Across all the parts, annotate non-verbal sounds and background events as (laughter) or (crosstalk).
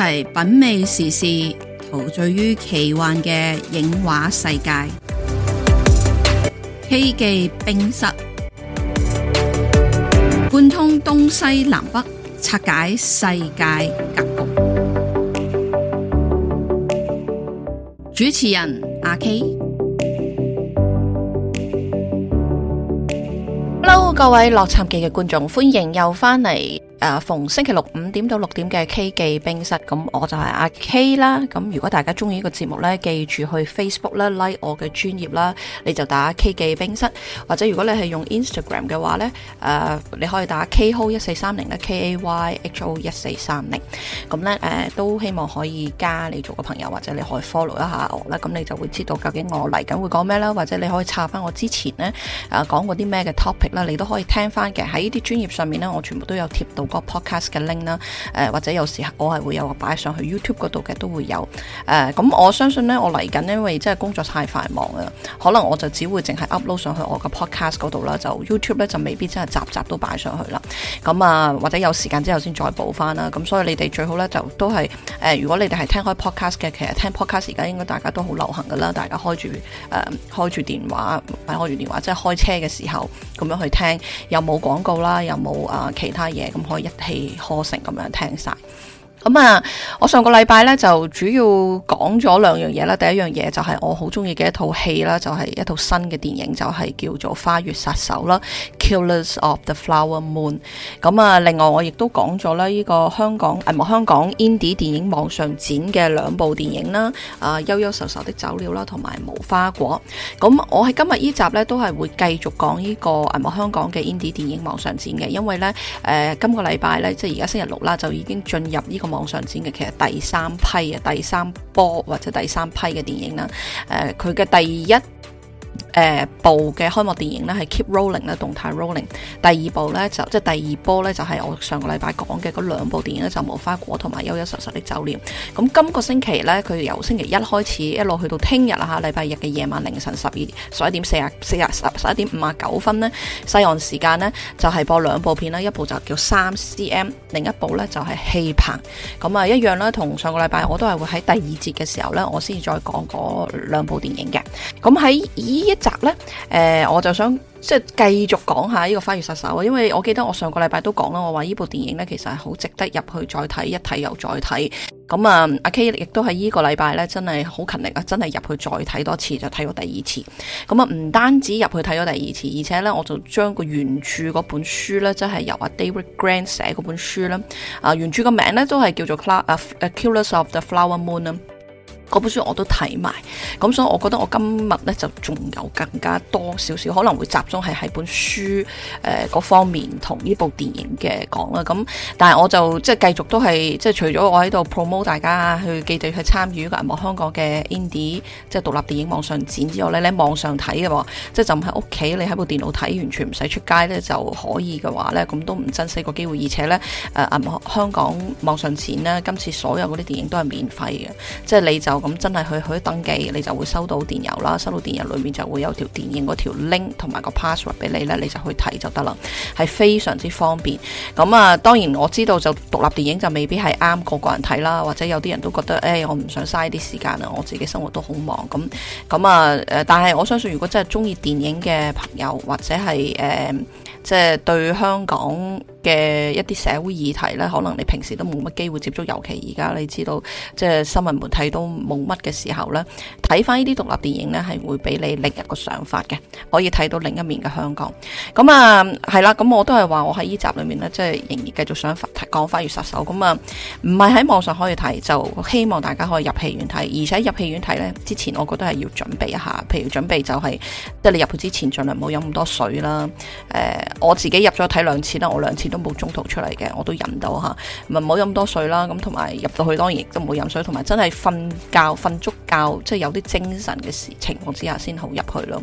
係品味時事，陶醉於奇幻嘅影畫世界。K 記 (music) 冰室貫 (music) 通東西南北，拆解世界格局。 (music) 主持人阿 K，hello 各位洛杉磯嘅觀眾，歡迎又翻嚟。誒、呃，逢星期六五。點到六點嘅 K 記冰室，咁我就係阿 K 啦。咁如果大家中意呢個節目呢，記住去 Facebook 啦，like 我嘅專頁啦，你就打 K 記冰室，或者如果你係用 Instagram 嘅話呢，誒、呃、你可以打 KHO 一四三零啦 K A Y H O 一四三零。咁呢，誒、呃、都希望可以加你做個朋友，或者你可以 follow 一下我啦。咁你就會知道究竟我嚟緊會講咩啦，或者你可以查翻我之前呢誒、呃、講過啲咩嘅 topic 啦，你都可以聽翻嘅。喺呢啲專頁上面呢，我全部都有貼到個 podcast 嘅 link 啦。誒、呃，或者有時我係會有擺上去 YouTube 嗰度嘅，都會有誒。咁、呃、我相信呢，我嚟緊因為真係工作太繁忙啦，可能我就只會淨係 upload 上去我嘅 podcast 嗰度啦。就 YouTube 咧就未必真係集集都擺上去啦。咁啊，或者有時間之後先再補翻啦。咁所以你哋最好呢，就都係誒、呃，如果你哋係聽開 podcast 嘅，其實聽 podcast 而家應該大家都好流行噶啦，大家開住誒、呃、開住電話，開電話即係開車嘅時候咁樣去聽，又冇廣告啦，又冇啊其他嘢，咁可以一氣呵成。咁樣聽曬。咁啊，我上個禮拜咧就主要講咗兩樣嘢啦。第一樣嘢就係我好中意嘅一套戲啦，就係、是、一套新嘅電影，就係、是、叫做《花月殺手》啦，《Killers of the Flower Moon》。咁啊，另外我亦都講咗咧呢個香港誒，銀幕、嗯、香港 Indie 電影網上展嘅兩部電影啦。啊、呃，悠悠愁愁的走了啦，同埋無花果。咁我喺今日呢集咧都係會繼續講呢、這個誒，銀幕、嗯、香港嘅 Indie 電影網上展嘅，因為咧誒、呃、今個禮拜咧即係而家星期六啦，就已經進入呢、這個。網上展嘅其實第三批啊，第三波或者第三批嘅電影啦，誒、呃，佢嘅第一。誒、呃、部嘅開幕電影呢係 Keep Rolling 呢動態 Rolling，第二部呢，就即第二波呢，就係、是、我上個禮拜講嘅嗰兩部電影呢，就無花果同埋優優實實的酒店。咁今個星期呢，佢由星期一開始一路去到聽日啊嚇，禮拜日嘅夜晚凌晨十二十一點四啊四啊十一點五啊九分呢，西岸時間呢，就係、是、播兩部片啦，一部就叫三 CM，另一部呢就係、是、戲棚。咁啊一樣啦，同上個禮拜我都係會喺第二節嘅時候呢，我先至再講嗰兩部電影嘅。咁喺依一集呢，誒、呃、我就想即係繼續講下呢個花月殺手啊，因為我記得我上個禮拜都講啦，我話呢部電影呢，其實係好值得入去再睇一睇又再睇咁啊，阿 K 亦都係依個禮拜呢，真係好勤力啊，真係入去再睇多次就睇咗第二次，咁啊唔單止入去睇咗第二次，而且呢，我就將個原著嗰本書呢，即係由阿 David Grant 寫嗰本書啦。啊原著個名呢都係叫做 Claw 啊 Killers of the Flower Moon。嗰本書我都睇埋，咁所以我覺得我今日呢就仲有更加多少少，可能會集中係喺本書誒嗰、呃、方面同呢部電影嘅講啦。咁但係我就即係繼續都係即係除咗我喺度 promote 大家去記住去參與銀、這、幕、個、香港嘅 indie，即係獨立電影網上展之外呢，你網上睇嘅喎，即係就唔喺屋企你喺部電腦睇，完全唔使出街呢就可以嘅話呢，咁都唔珍惜個機會。而且呢，誒銀幕香港網上展呢，今次所有嗰啲電影都係免費嘅，即係你就。咁真係去去登記，你就會收到電郵啦，收到電郵裏面就會有條電影嗰條 link 同埋個 password 俾你咧，你就去睇就得啦，係非常之方便。咁啊，當然我知道就獨立電影就未必係啱個個人睇啦，或者有啲人都覺得誒、欸，我唔想嘥啲時間啊，我自己生活都好忙咁。咁啊，誒，但係我相信如果真係中意電影嘅朋友或者係誒。呃即係對香港嘅一啲社會議題呢，可能你平時都冇乜機會接觸，尤其而家你知道，即係新聞媒體都冇乜嘅時候呢，睇翻呢啲獨立電影呢係會俾你另一個想法嘅，可以睇到另一面嘅香港。咁啊，係啦，咁我都係話我喺呢集裏面呢，即係仍然繼續想法講翻《花月殺手》。咁啊，唔係喺網上可以睇，就希望大家可以入戲院睇，而且入戲院睇呢，之前，我覺得係要準備一下，譬如準備就係即係你入去之前，儘量唔好飲咁多水啦，呃我自己入咗睇兩次啦，我兩次都冇中途出嚟嘅，我都忍到吓，咪唔好飲多水啦。咁同埋入到去當然亦都唔好飲水，同埋真係瞓覺瞓足覺，即係有啲精神嘅情況之下先好入去咯。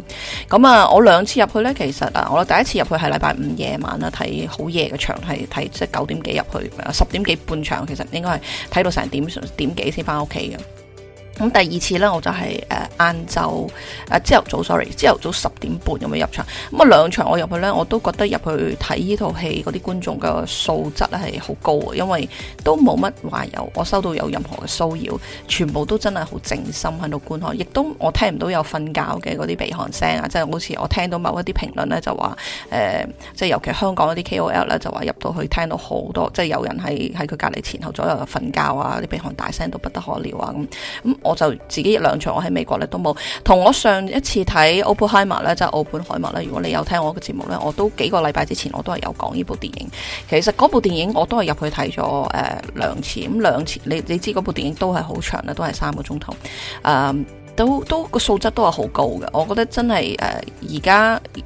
咁啊，我兩次入去呢，其實啊，我第一次入去係禮拜五夜晚啦，睇好夜嘅場，係睇即係九點幾入去，十點幾半場，其實應該係睇到成點點幾先返屋企嘅。咁第二次呢，我就係誒晏晝誒朝頭早，sorry，朝頭早十點半咁樣入場。咁啊兩場我入去呢，我都覺得入去睇呢套戲嗰啲觀眾嘅素質呢係好高啊，因為都冇乜話有我收到有任何嘅騷擾，全部都真係好靜心喺度觀看，亦都我聽唔到有瞓覺嘅嗰啲鼻鼾聲啊，即係好似我聽到某一啲評論呢，就話誒，即係尤其香港嗰啲 KOL 呢，就話入到去聽到好多，即係有人喺喺佢隔離前後左右瞓覺啊，啲鼻鼾大聲到不得可了啊咁。嗯我就自己一兩場，我喺美國咧都冇。同我上一次睇《奧本海默》咧，即係《奧本海默》咧。如果你有聽我嘅節目咧，我都幾個禮拜之前我都係有講呢部電影。其實嗰部電影我都係入去睇咗誒兩次，咁兩次你你知嗰部電影都係好長啦，都係三個鐘頭。誒、嗯，都都個素質都係好高嘅。我覺得真係誒而家。呃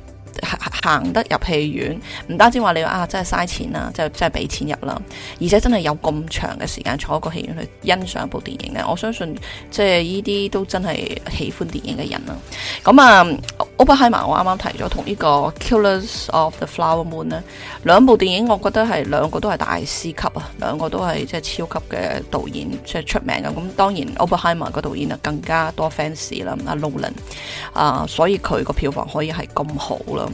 行得入戲院，唔單止話你話啊，真係嘥錢啦，就真係俾錢入啦，而且真係有咁長嘅時間坐一個戲院去欣賞一部電影咧，我相信即係呢啲都真係喜歡電影嘅人啦。咁啊～Oberheimer 我啱啱提咗，同呢個 Killers of the Flower Moon 咧，兩部電影我覺得係兩個都係大師級啊，兩個都係即係超級嘅導演，即係出名嘅。咁當然，Oberheimer 個導演就更加多 fans 啦、啊，阿 Nolan 啊，所以佢個票房可以係咁好啦。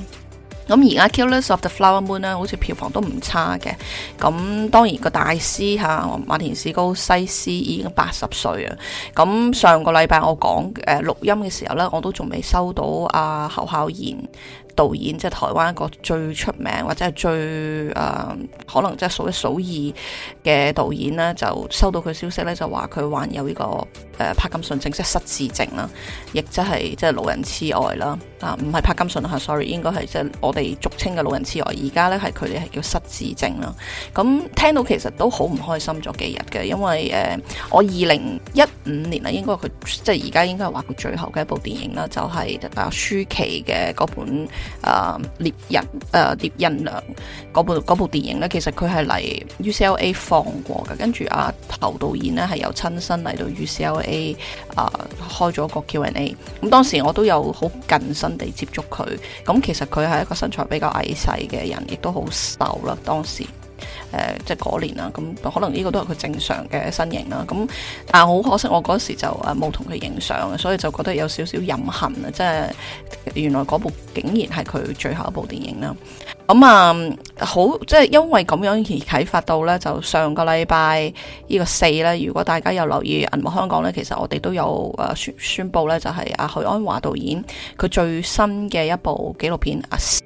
咁而家《Killers of the Flower Moon》咧，好似票房都唔差嘅。咁當然個大師嚇、啊，馬田士高西斯已經八十歲啊。咁上個禮拜我講誒、呃、錄音嘅時候咧，我都仲未收到阿、啊、侯孝賢。導演即係台灣一個最出名或者係最誒、呃、可能即係數一數二嘅導演咧，就收到佢消息咧，就話佢患有呢個誒帕、呃、金遜症，即係失智症啦，亦、就係、即係即係老人痴呆啦。啊，唔係帕金遜啊，sorry，應該係即係我哋俗稱嘅老人痴呆。而家咧係佢哋係叫失智症啦。咁聽到其實都好唔開心咗幾日嘅，因為誒、呃、我二零一五年啊，應該佢即係而家應該係話佢最後嘅一部電影啦，就係啊舒淇嘅嗰本。誒、呃《聶隱娘》誒、呃《聶隱娘》嗰部嗰部電影咧，其實佢係嚟 UCLA 放過嘅，跟住阿侯導演咧係由親身嚟到 UCLA 誒、呃、開咗個 Q&A，咁當時我都有好近身地接觸佢，咁其實佢係一個身材比較矮細嘅人，亦都好瘦啦，當時。誒、呃，即係嗰年啦，咁可能呢個都係佢正常嘅身形啦。咁但係好可惜，我嗰時就誒冇同佢影相，所以就覺得有少少遺憾。啊！即係原來嗰部竟然係佢最後一部電影啦。咁啊、嗯，好即係因為咁樣而啟發到呢。就上個禮拜呢個四呢，如果大家有留意《銀幕香港》呢，其實我哋都有誒宣宣佈咧，、啊，就係阿許鞍華導演佢最新嘅一部紀錄片《阿詩》。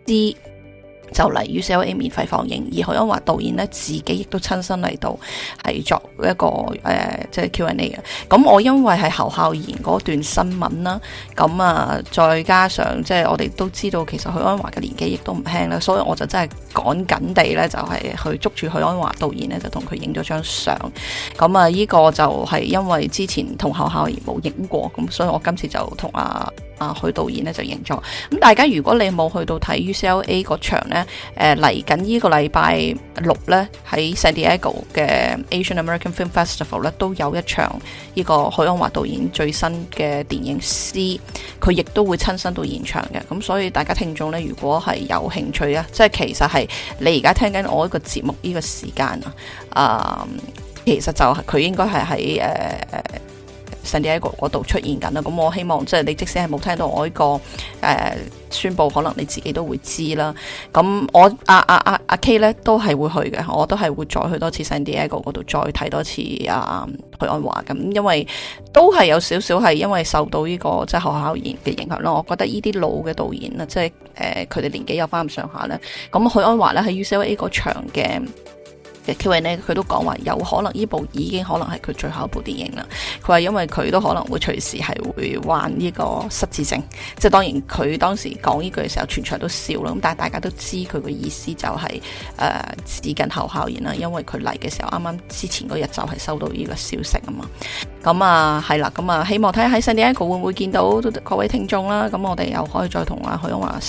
就嚟於 UCLA 免費放映，而許鞍華導演咧自己亦都親身嚟到係作一個即係、呃就是、Q&A 嘅。咁我因為係侯孝賢嗰段新聞啦，咁啊再加上即係、就是、我哋都知道其實許鞍華嘅年紀亦都唔輕啦，所以我就真係趕緊地咧就係、是、去捉住許鞍華導演咧就同佢影咗張相。咁啊呢、這個就係因為之前同侯孝賢冇影過，咁所以我今次就同阿、啊。啊！許導演呢就認咗。咁大家如果你冇去到睇 UCLA 嗰場呢，咧、呃，嚟緊呢個禮拜六呢，喺 San Diego 嘅 Asian American Film Festival 呢，都有一場呢個許鞍華導演最新嘅電影《詩》，佢亦都會親身到現場嘅。咁所以大家聽眾呢，如果係有興趣啊，即係其實係你而家聽緊我一個節目呢個時間啊，啊、嗯，其實就係、是、佢應該係喺誒。呃 San Diego 嗰度出現緊啦，咁我希望即係、就是、你即使係冇聽到我呢、這個誒、呃、宣佈，可能你自己都會知啦。咁我阿阿阿阿 K 咧都係會去嘅，我都係會再去多次 San Diego 嗰度再睇多次阿、呃、許安華咁，因為都係有少少係因為受到呢、這個即係學校嘅影響咯。我覺得呢啲老嘅導演啊，即係誒佢哋年紀有翻咁上下咧，咁許安華咧喺 UCLA 個場嘅。嘅 Kevin 呢，佢都講話有可能呢部已經可能係佢最後一部電影啦。佢話因為佢都可能會隨時係會玩呢個失智症，即係當然佢當時講呢句嘅時候，全場都笑啦。咁但係大家都知佢嘅意思就係誒指緊侯孝賢啦，因為佢嚟嘅時候啱啱之前嗰日就係收到呢個消息啊嘛。咁、嗯、啊，係、嗯、啦，咁、嗯、啊，希望睇下喺 San Diego 會唔會見到各位聽眾啦。咁、嗯、我哋又可以再同阿許永華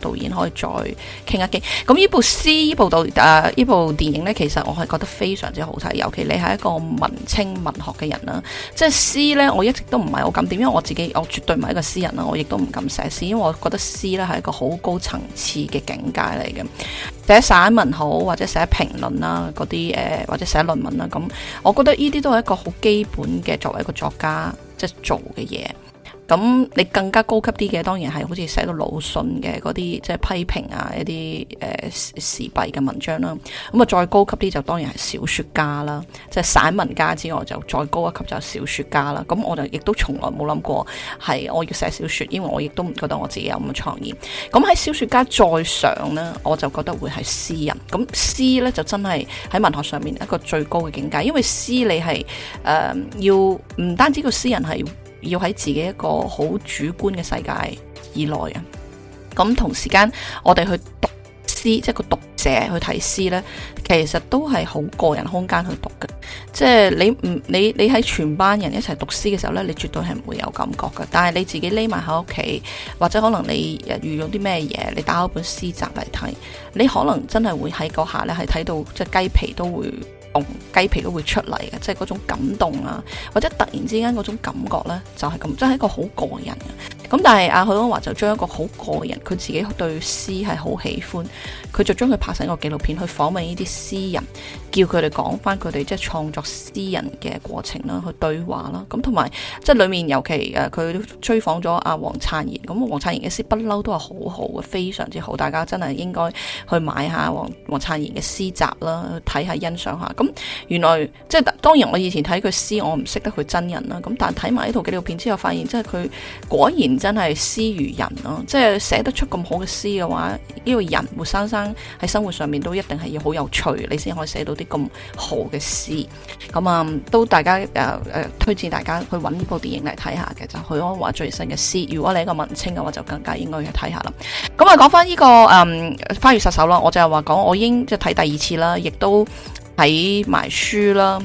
導演可以再傾一傾。咁呢部詩呢部導誒呢、啊、部電影呢，其實我係覺得非常之好睇。尤其你係一個文青文學嘅人啦，即係詩呢，我一直都唔係好敢點，因為我自己我絕對唔係一個詩人啦，我亦都唔敢寫詩，因為我覺得詩呢係一個好高層次嘅境界嚟嘅。寫散文好，或者寫評論啦，嗰啲、呃、或者寫論文啦，噉我覺得呢啲都係一個好基本嘅作為一個作家即、係、做嘅嘢。咁你更加高級啲嘅，當然係好似寫到魯迅嘅嗰啲，即係批評啊一啲誒、呃、時弊嘅文章啦。咁啊再高級啲就當然係小説家啦，即係散文家之外就再高一級就係小説家啦。咁我就亦都從來冇諗過係我要寫小説，因為我亦都唔覺得我自己有咁嘅創意。咁喺小説家再上呢，我就覺得會係詩人。咁詩呢就真係喺文學上面一個最高嘅境界，因為詩你係、呃、要唔單止個詩人係。要喺自己一個好主觀嘅世界以內啊，咁同時間我哋去讀詩，即係個讀者去睇詩呢，其實都係好個人空間去讀嘅。即係你唔你你喺全班人一齊讀詩嘅時候呢，你絕對係唔會有感覺嘅。但係你自己匿埋喺屋企，或者可能你遇到啲咩嘢，你打開本詩集嚟睇，你可能真係會喺嗰下呢，係睇到即係雞皮都會。雞皮都會出嚟嘅，即係嗰種感動啊，或者突然之間嗰種感覺呢，就係、是、咁，真、就、係、是、一個好個人嘅。咁但係阿許鞍華就將一個好個人，佢自己對詩係好喜歡，佢就將佢拍成一個紀錄片去訪問呢啲詩人，叫佢哋講返佢哋即係創作詩人嘅過程啦，去對話啦。咁同埋即係裡面尤其誒，佢都追訪咗阿黃燦然，咁黃燦然嘅詩不嬲都係好好嘅，非常之好。大家真係應該去買下黃黃燦然嘅詩集啦，睇下欣賞下。咁原來即係當然，我以前睇佢詩，我唔識得佢真人啦。咁但係睇埋呢套紀錄片之後，發現即係佢果然真係詩如人咯。即係寫得出咁好嘅詩嘅話，呢、這個人活生生喺生活上面都一定係要好有趣，你先可以寫到啲咁好嘅詩。咁啊，都大家誒誒、呃，推薦大家去搵呢部電影嚟睇下嘅就許、是、鞍華最新嘅詩。如果你係個文青嘅話，就更加應該去睇下啦。咁啊、這個，講返呢個誒花月殺手啦，我就係話講，我已經即係睇第二次啦，亦都。喺埋書啦，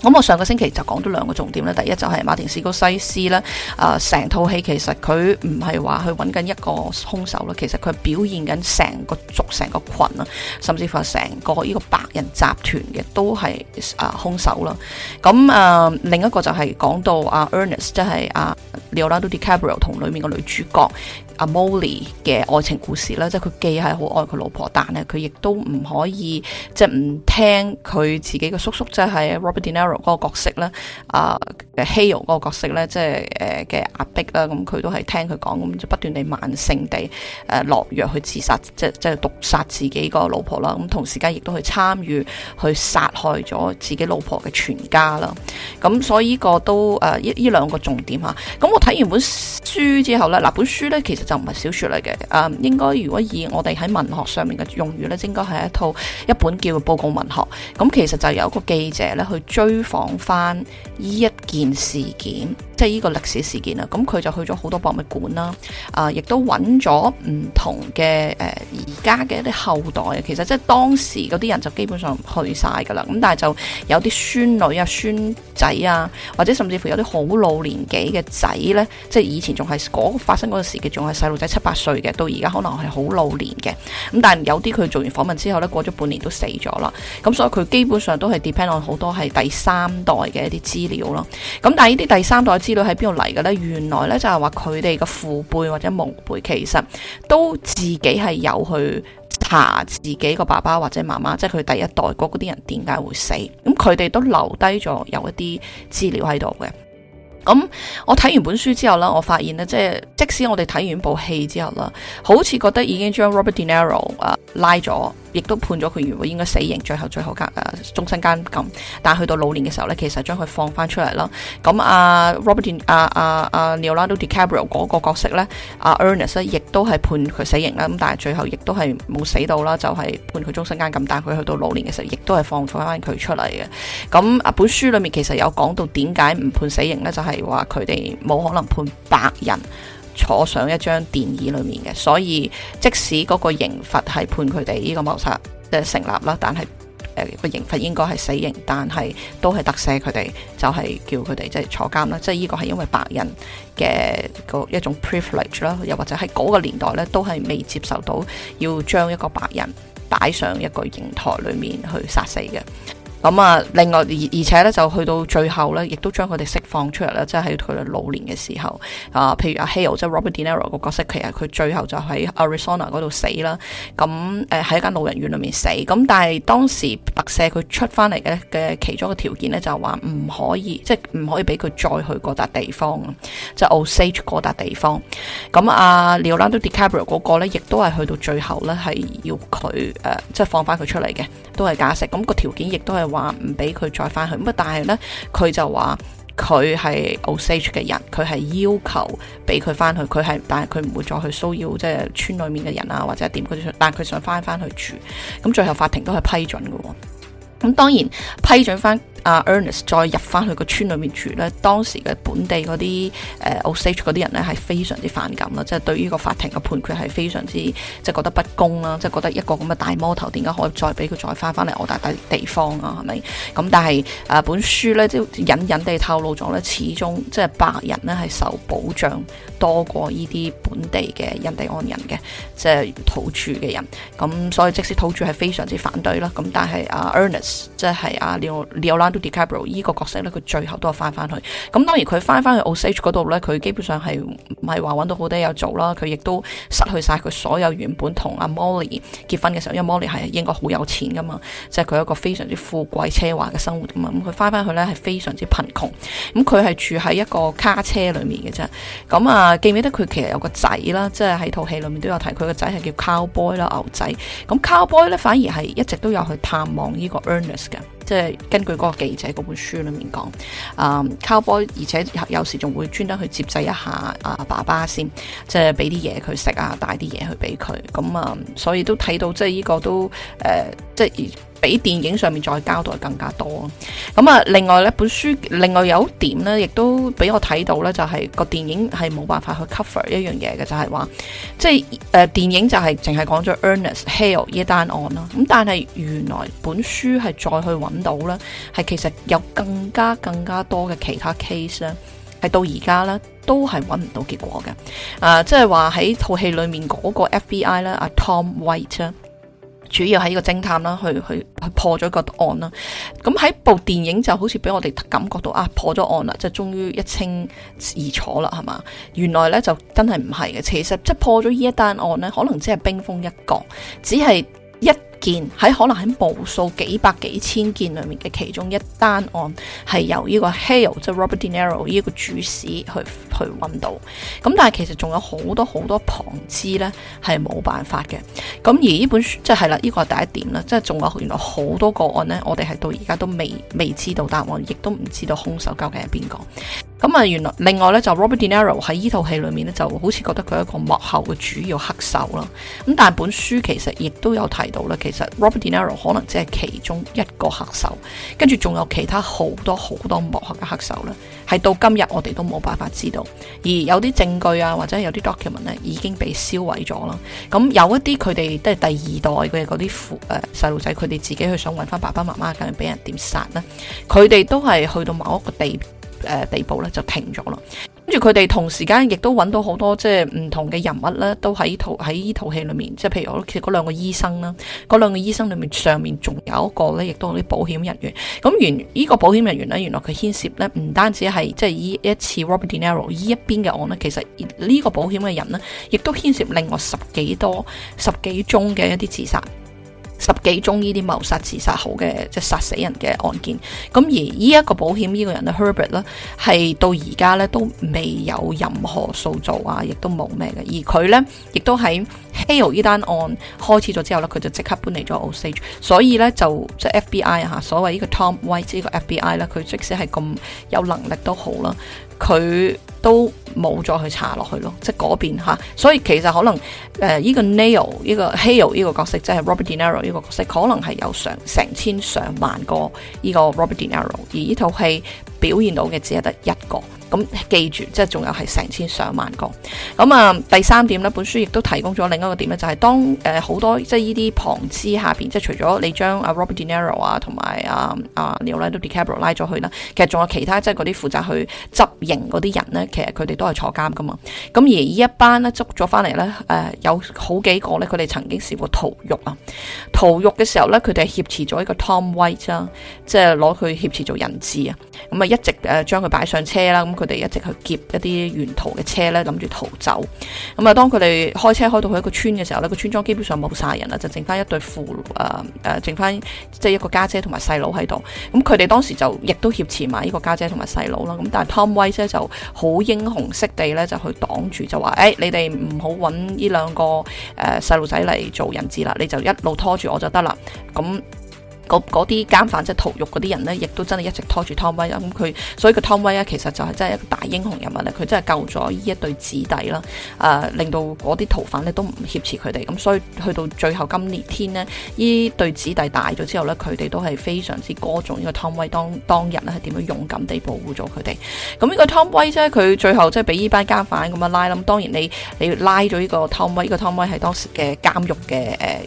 咁我上個星期就講咗兩個重點咧。第一就係馬田史高西斯咧，誒、呃，成套戲其實佢唔係話去揾緊一個兇手啦，其實佢表現緊成個族、成個群啊，甚至乎係成個呢個白人集團嘅都係誒兇手啦。咁誒、呃，另一個就係講到阿、啊、Ernest，即係阿 Leonardo DiCaprio 同裏面個女主角。阿 Molly 嘅愛情故事啦，即係佢既係好愛佢老婆，但係佢亦都唔可以，即係唔聽佢自己嘅叔叔，即係 Robert De Niro 嗰個角色咧，啊，Hale 嗰個角色咧，即係誒嘅壓迫啦，咁佢都係聽佢講，咁就不斷地慢性地誒落藥去自殺，即係即係毒殺自己個老婆啦，咁同時間亦都去參與去殺害咗自己老婆嘅全家啦，咁所以呢個都誒呢呢兩個重點吓，咁我睇完本書之後咧，嗱本書咧其實。就唔係小說嚟嘅，誒、嗯、應該如果以我哋喺文學上面嘅用語咧，應該係一套一本叫報告文學，咁其實就有一個記者咧，去追訪翻呢一件事件，即係呢個歷史事件啊。咁佢就去咗好多博物館啦，啊亦都揾咗唔同嘅誒而家嘅一啲後代。其實即係當時啲人就基本上去晒噶啦。咁但係就有啲孫女啊、孫仔啊，或者甚至乎有啲好老年紀嘅仔咧，即係以前仲係個發生個事件仲係。細路仔七八歲嘅，到而家可能係好老年嘅，咁但係有啲佢做完訪問之後咧，過咗半年都死咗啦，咁所以佢基本上都係 depend on 好多係第三代嘅一啲資料咯，咁但係呢啲第三代資料喺邊度嚟嘅咧？原來咧就係話佢哋嘅父輩或者母輩，其實都自己係有去查自己個爸爸或者媽媽，即係佢第一代嗰啲人點解會死，咁佢哋都留低咗有一啲資料喺度嘅。咁我睇完本書之後呢，我發現呢，即係即使我哋睇完部戲之後啦，好似覺得已經將 Robert De Niro 啊拉咗，亦都判咗佢原本應該死刑，最後最後間啊、呃、終身監禁。但去到老年嘅時候呢，其實將佢放翻出嚟啦。咁啊 Robert De 啊啊啊 Leonardo DiCaprio 嗰個角色呢、啊、Ernest 亦都係判佢死刑啦。咁但係最後亦都係冇死到啦，就係、是、判佢終身監禁。但佢去到老年嘅時候，亦都係放翻翻佢出嚟嘅。咁啊本書裏面其實有講到點解唔判死刑呢？就係、是。係話佢哋冇可能判白人坐上一張電椅裏面嘅，所以即使嗰個刑罰係判佢哋呢個謀殺即係成立啦，但係誒個刑罰應該係死刑，但係都係特赦佢哋，就係叫佢哋即係坐監啦。即係呢個係因為白人嘅個一種 privilege 啦，又或者喺嗰個年代咧都係未接受到要將一個白人擺上一個刑台裏面去殺死嘅。咁啊，另外而而且咧，就去到最後咧，亦都將佢哋釋放出嚟啦。即係喺佢哋老年嘅時候啊。譬如阿 Hale，即係 Robert De Niro 個角色，其實佢最後就喺 Arizona 嗰度死啦。咁誒喺間老人院裏面死。咁但係當時特赦佢出翻嚟嘅嘅其中一個條件咧，就係話唔可以，即係唔可以俾佢再去嗰笪地方，即係 Osage 嗰笪地方。咁阿、啊、Leonardo DiCaprio 嗰個咧，亦都係去到最後咧，係要佢、呃、即係放翻佢出嚟嘅，都係假釋。咁個條件亦都係。話唔俾佢再翻去，咁啊但係咧，佢就話佢係 Osage 嘅人，佢係要求俾佢翻去，佢係但係佢唔會再去騷擾即係村裏面嘅人啊或者點，佢係但係佢想翻翻去住，咁最後法庭都係批准嘅，咁當然批准翻。阿、uh, Ernest 再入翻去個村裏面住咧，當時嘅本地嗰啲誒、呃、Osage 嗰啲人咧係非常之反感啦，即、就、係、是、對呢個法庭嘅判決係非常之即係、就是、覺得不公啦、啊，即、就、係、是、覺得一個咁嘅大魔頭點解可以再俾佢再翻翻嚟我哋第地方啊？係咪？咁但係誒、呃、本書咧，即、就、係、是、隱隱地透露咗咧，始終即係、就是、白人咧係受保障多過呢啲本地嘅印第安人嘅即係土著嘅人，咁所以即使土著係非常之反對啦，咁但係阿、uh, Ernest 即係阿 Leo Leo。DiCaprio 依個角色咧，佢最後都係翻翻去。咁當然佢翻翻去 Osage 嗰度咧，佢基本上係唔係話揾到好多嘢做啦。佢亦都失去晒佢所有原本同阿 Molly 結婚嘅時候，因為 Molly 係應該好有錢噶嘛，即係佢一個非常之富貴奢華嘅生活㗎嘛。咁佢翻翻去咧係非常之貧窮。咁佢係住喺一個卡車裏面嘅啫。咁啊，記唔記得佢其實有個仔啦？即係喺套戲裏面都有提，佢個仔係叫 Cowboy 啦，牛仔。咁 Cowboy 咧反而係一直都有去探望呢個 Earnest 嘅。即、就、係、是、根據嗰個記者嗰本書裏面講，啊、um，Cowboy 而且有時仲會專登去接濟一下啊爸爸先，即係俾啲嘢佢食啊，帶啲嘢去俾佢，咁啊，所以都睇到即係呢個都誒，即、呃、係。就是比電影上面再交代更加多。咁啊，另外呢本書，另外有一點呢，亦都俾我睇到呢，到就係、是、個電影係冇辦法去 cover 一樣嘢嘅，就係、是、話即係誒、呃、電影就係、是、淨係講咗 Earnest Hale 呢一單案啦。咁但係原來本書係再去揾到咧，係其實有更加更加多嘅其他 case 咧，係到而家咧都係揾唔到結果嘅。呃、FBI，啊，即係話喺套戲裏面嗰個 FBI 咧，阿 Tom White 主要係呢個偵探啦，去去去破咗個案啦。咁喺部電影就好似俾我哋感覺到啊，破咗案啦，就終於一清二楚啦，係嘛？原來呢就真係唔係嘅，其實即係破咗呢一單案呢，可能只係冰封一角，只係一件喺可能喺無數幾百幾千件裏面嘅其中一單案係由呢個 Hale 即係 Robert De Niro 呢個主使去去揾到。咁但係其實仲有好多好多旁支呢，係冇辦法嘅，咁而呢本書即係啦，呢個係第一點啦，即係仲有原來好多個案呢，我哋係到而家都未未知道答案，亦都唔知道兇手究竟係邊個，咁啊原來另外呢，就 Robert De Niro 喺呢套戲裏面呢，就好似覺得佢係一個幕後嘅主要黑手啦，咁但係本書其實亦都有提到咧，其實 Robert De Niro 可能只係其中一個黑手，跟住仲有其他好多好多幕後嘅黑手啦，係到今日我哋都冇辦法知道。而有啲證據啊，或者有啲 document 呢，已經被銷毀咗啦。咁有一啲佢哋都係第二代嘅嗰啲父誒細路仔，佢、呃、哋自己去想揾翻爸爸媽媽，究竟俾人點殺咧？佢哋都係去到某一個地誒、呃、地步呢，就停咗啦。佢哋同時間亦都揾到好多即係唔同嘅人物咧，都喺套喺呢套戲裏面，即係譬如我屋企嗰兩個醫生啦，嗰兩個醫生裏面上面仲有一個咧，亦都有啲保險人員。咁原呢個保險人員咧，原來佢牽涉咧唔單止係即係呢一次 Robert De Niro 呢一邊嘅案咧，其實呢個保險嘅人呢，亦都牽涉另外十幾多十幾宗嘅一啲自殺。十幾宗呢啲謀殺、自殺好嘅，即係殺死人嘅案件。咁而呢一個保險呢個人咧，Herbert 咧，係到而家咧都未有任何訴訟啊，亦都冇咩嘅。而佢咧，亦都喺 Hale 呢單案開始咗之後咧，佢就即刻搬嚟咗 Osage。所以咧就即係 FBI 啊，所謂呢個 Tom White 呢個 FBI 咧，佢即使係咁有能力都好啦，佢。都冇再去查落去咯，即係嗰邊吓，所以其實可能誒，依、呃呢個 Neil 呢個 Hale 呢個角色，即係 Robert De Niro 呢個角色，可能係有上成千上萬個呢個 Robert De Niro，而呢套戲。表現到嘅只係得一個，咁記住，即係仲有係成千上萬個。咁啊，第三點呢，本書亦都提供咗另一個點咧，就係、是、當誒好多即係呢啲旁支下邊，即係除咗你將阿 Robert De Niro 和啊同埋、啊、阿阿 Leonardo DiCaprio 拉咗去啦，其實仲有其他即係嗰啲負責去執刑嗰啲人呢，其實佢哋都係坐監噶嘛。咁而呢一班呢，捉咗翻嚟呢，誒有好幾個呢，佢哋曾經試過逃獄啊，逃獄嘅時候呢，佢哋係挾持咗一個 Tom White 啊，即係攞佢挾持做人質啊，咁啊一直誒將佢擺上車啦，咁佢哋一直去劫一啲沿途嘅車咧，諗住逃走。咁啊，當佢哋開車開到去一個村嘅時候咧，個村莊基本上冇晒人啦，就剩翻一對父誒誒、呃，剩翻即係一個家姐同埋細佬喺度。咁佢哋當時就亦都挾持埋呢個家姐同埋細佬啦。咁但係 Tom 威咧就好英雄式地咧就去擋住，就話：誒、欸，你哋唔好揾呢兩個誒細路仔嚟做人質啦，你就一路拖住我就得啦。咁、嗯嗰啲監犯即係逃獄嗰啲人呢，亦都真係一直拖住湯威。咁佢，所以個湯威咧其實就係真係一個大英雄人物啦，佢真係救咗呢一對子弟啦，呃，令到嗰啲逃犯呢都唔挾持佢哋，咁所以去到最後今年天呢，呢對子弟大咗之後呢，佢哋都係非常之歌頌呢，這個湯威當當日係點樣勇敢地保護咗佢哋。咁呢個湯威啫，佢最後即係俾呢班監犯咁樣拉，咁當然你你拉咗呢個湯威，呢個湯威係當時嘅監獄嘅誒、呃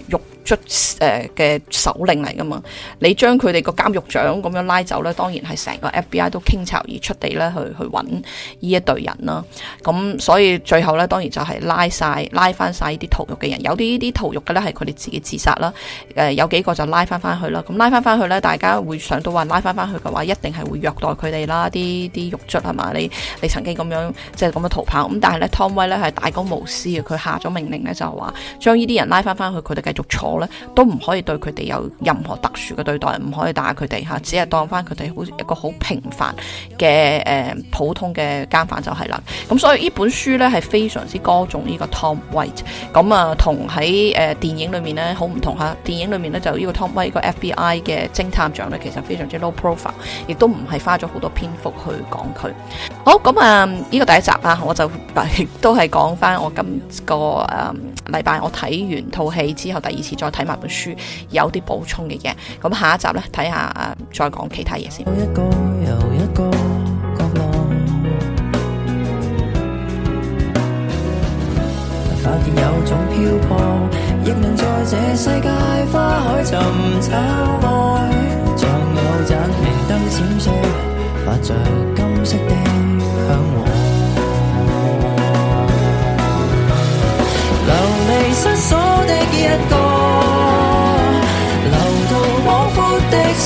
出誒嘅首領嚟㗎嘛？你將佢哋個監獄長咁樣拉走咧，當然係成個 FBI 都傾巢而出地咧去去搵呢一隊人啦。咁所以最後咧，當然就係拉晒、拉翻晒呢啲逃獄嘅人。有啲呢啲逃獄嘅咧係佢哋自己自殺啦。誒有幾個就拉翻翻去啦。咁拉翻翻去咧，大家會想到話拉翻翻去嘅話，一定係會虐待佢哋啦。啲啲獄卒係嘛？你你曾經咁樣即係咁樣逃跑咁，但係咧 Tom White 咧係大公無私嘅，佢下咗命令咧就係話將呢啲人拉翻翻去，佢哋繼續坐。都唔可以對佢哋有任何特殊嘅對待，唔可以打佢哋吓，只係當返佢哋好一個好平凡嘅誒、呃、普通嘅監犯就係啦。咁所以呢本書呢係非常之歌頌呢個 Tom White。咁啊，同喺誒電影裏面呢好唔同吓，電影裏面呢，啊、裏面呢就呢個 Tom White 個 FBI 嘅偵探長呢，其實非常之 low profile，亦都唔係花咗好多篇幅去講佢。好咁啊，呢、這個第一集啊，我就亦都係講返我今個誒禮拜我睇完套戲之後第二次再。我睇埋本書有啲補充嘅嘢，咁下一集咧睇下誒，再講其他嘢先。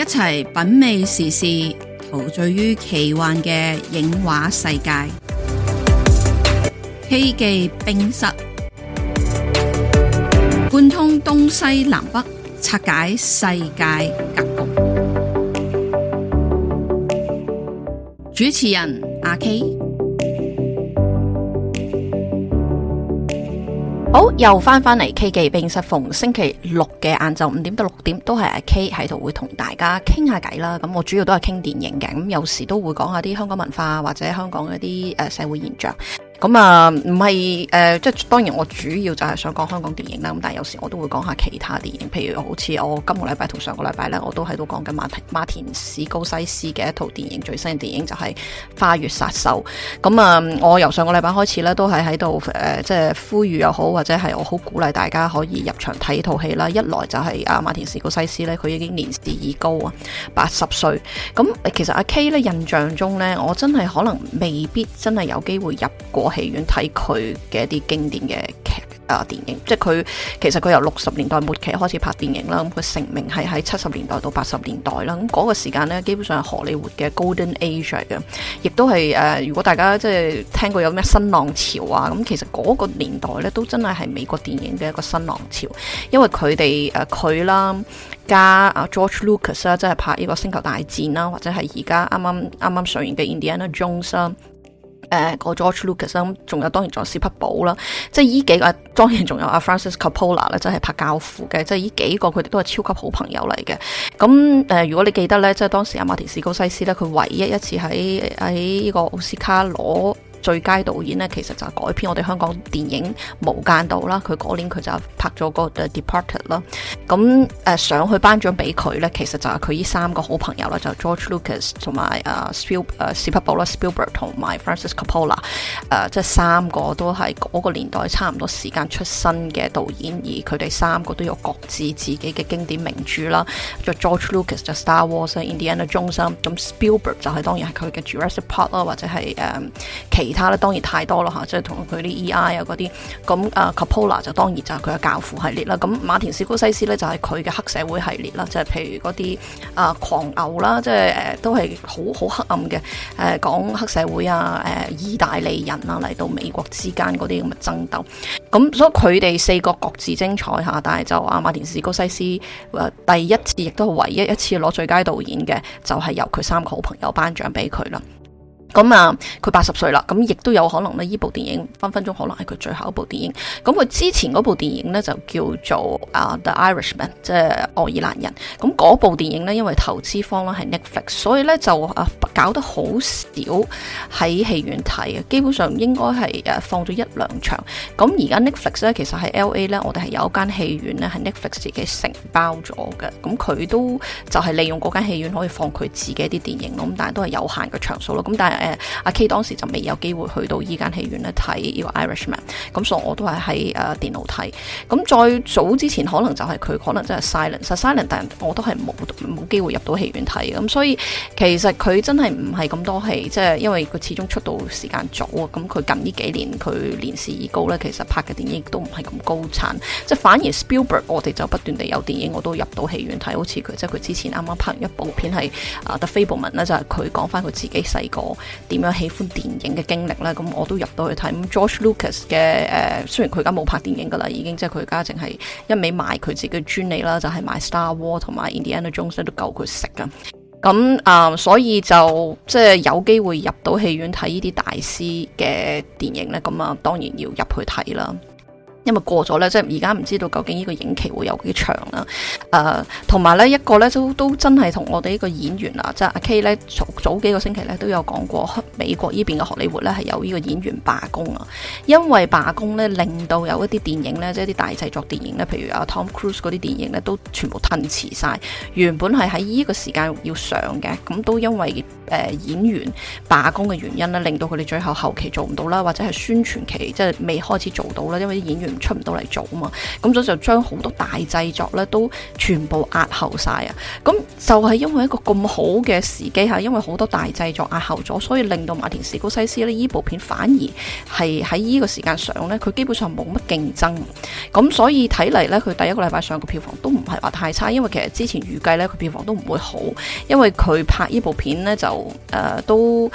一起品味時事，陶醉於奇幻嘅影畫世界。K 記 (music) 冰室貫 (music) 通東西南北，拆解世界格局。 (music) 主持人阿 K。RK 好，又翻返嚟 K 記冰室逢星期六嘅晏晝五點到六點，都係阿 K 喺度會同大家傾下偈啦。咁我主要都係傾電影嘅，咁有時都會講下啲香港文化或者香港嗰啲誒社會現象。咁啊，唔係誒，即係當然我主要就係想講香港電影啦。咁但係有時我都會講下其他電影，譬如好似我今個禮拜同上個禮拜咧，我都喺度講緊馬田馬田史高西斯嘅一套電影，最新嘅電影就係、是《花月殺手》。咁啊，我由上個禮拜開始咧，都係喺度誒即係呼籲又好，或者係我好鼓勵大家可以入場睇套戲啦。一來就係阿、啊、馬田史高西斯咧，佢已經年事已高啊，八十歲，咁其實阿 K 咧印象中咧，我真係可能未必真係有機會入過。戲院睇佢嘅一啲經典嘅劇啊電影，即係佢其實佢由六十年代末期開始拍電影啦，咁佢成名係喺七十年代到八十年代啦。咁嗰個時間呢，基本上係荷里活嘅 Golden Age 嚟嘅，亦都係誒，如果大家即係聽過有咩新浪潮啊，咁其實嗰個年代呢，都真係係美國電影嘅一個新浪潮，因為佢哋誒佢啦加阿 George Lucas 啦，即係拍呢個星球大戰啦，或者係而家啱啱啱啱上完嘅 Indiana Jones 啦。誒、那個 George Lucas 仲有當然仲有史匹堡啦，即係依幾個當然仲有阿 Francis Coppola 咧，真係拍教父嘅，即係依幾個佢哋都係超級好朋友嚟嘅。咁誒，如果你記得咧，即係當時阿馬田士高西斯咧，佢唯一一次喺喺呢個奧斯卡攞最佳導演咧，其實就係改編我哋香港電影《無間道》啦。佢嗰年佢就拍咗個《The、Departed》啦。咁上、呃、去頒獎俾佢咧，其實就係佢呢三個好朋友啦，就係、George Lucas 同埋啊、uh, Spil 誒史、uh, 匹堡 Spielberg 同埋 Francis Coppola、呃。即、就、係、是、三個都係嗰個年代差唔多時間出身嘅導演，而佢哋三個都有各自自己嘅經典名著啦。就係、George Lucas 就 Star Wars Indiana 中心。咁 Spielberg 就係當然係佢嘅 Jurassic Park 啦，或者係誒其。Um, 其他咧，當然太多啦嚇，即係同佢啲 E.I. 啊嗰啲。咁啊 Coppola 就當然就係佢嘅教父系列啦。咁馬田史高西斯咧就係佢嘅黑社會系列啦，就係、是、譬如嗰啲啊狂牛啦，即係誒都係好好黑暗嘅誒講黑社會啊誒意大利人啊嚟到美國之間嗰啲咁嘅爭鬥。咁所以佢哋四個各自精彩嚇，但係就話馬田史高西斯第一次亦都唯一一次攞最佳導演嘅，就係、是、由佢三個好朋友頒獎俾佢啦。咁啊，佢八十歲啦，咁亦都有可能呢，依部電影分分鐘可能係佢最後一部電影。咁佢之前嗰部電影呢，就叫做《啊 The Irishman》，即係愛爾蘭人。咁嗰部電影呢，因為投資方咧係 Netflix，所以呢就啊搞得好少喺戲院睇嘅，基本上應該係誒放咗一兩場。咁而家 Netflix 咧，其實係 L A 呢，我哋係有一間戲院呢，係 Netflix 自己承包咗嘅。咁佢都就係利用嗰間戲院可以放佢自己一啲電影。咁但係都係有限嘅場數咯。咁但係。誒、啊、阿 K 當時就未有機會去到依間戲院咧睇《Irishman》，咁所以我都係喺誒電腦睇。咁再早之前可能就係佢可能真係 Silence，Silence、啊、但我都係冇冇機會入到戲院睇。咁所以其實佢真係唔係咁多戲，即、就、係、是、因為佢始終出到時間早啊。咁佢近呢幾年佢年事已高咧，其實拍嘅電影都唔係咁高產。即、就、係、是、反而 Spielberg，我哋就不斷地有電影我都入到戲院睇，好似佢即係佢之前啱啱拍完一部片係《啊 The Fi 薄文》咧，就係佢講翻佢自己細個點樣喜歡電影嘅經歷呢？咁我都入到去睇。咁 George Lucas 嘅、誒、呃，雖然佢而家冇拍電影噶啦，已經即係佢而家淨係一味賣佢自己嘅專利啦，就係、是、賣 Star Wars 同埋 Indiana Jones 都夠佢食噶。咁啊、呃，所以就即係有機會入到戲院睇呢啲大師嘅電影呢，咁啊，當然要入去睇啦。因為過咗咧，即係而家唔知道究竟呢個影期會有幾長啦。誒、呃，同埋咧一個咧都都真係同我哋呢個演員啊，即係阿 K 咧早早幾個星期咧都有講過，美國這邊的呢邊嘅荷里活咧係有呢個演員罷工啊。因為罷工咧，令到有一啲電影咧，即係啲大製作電影咧，譬如阿 Tom Cruise 嗰啲電影咧，都全部褪遲晒。原本係喺呢個時間要上嘅，咁都因為誒、呃、演員罷工嘅原因咧，令到佢哋最後後期做唔到啦，或者係宣傳期即係未開始做到啦，因為啲演員。出唔到嚟做啊嘛，咁所以就將好多大製作咧都全部押後晒啊！咁就係因為一個咁好嘅時機吓，因為好多大製作押後咗，所以令到馬田史高西斯呢，呢部片反而係喺呢個時間上呢，佢基本上冇乜競爭。咁所以睇嚟呢，佢第一個禮拜上嘅票房都唔係話太差，因為其實之前預計呢，佢票房都唔會好，因為佢拍呢部片呢就誒、呃、都。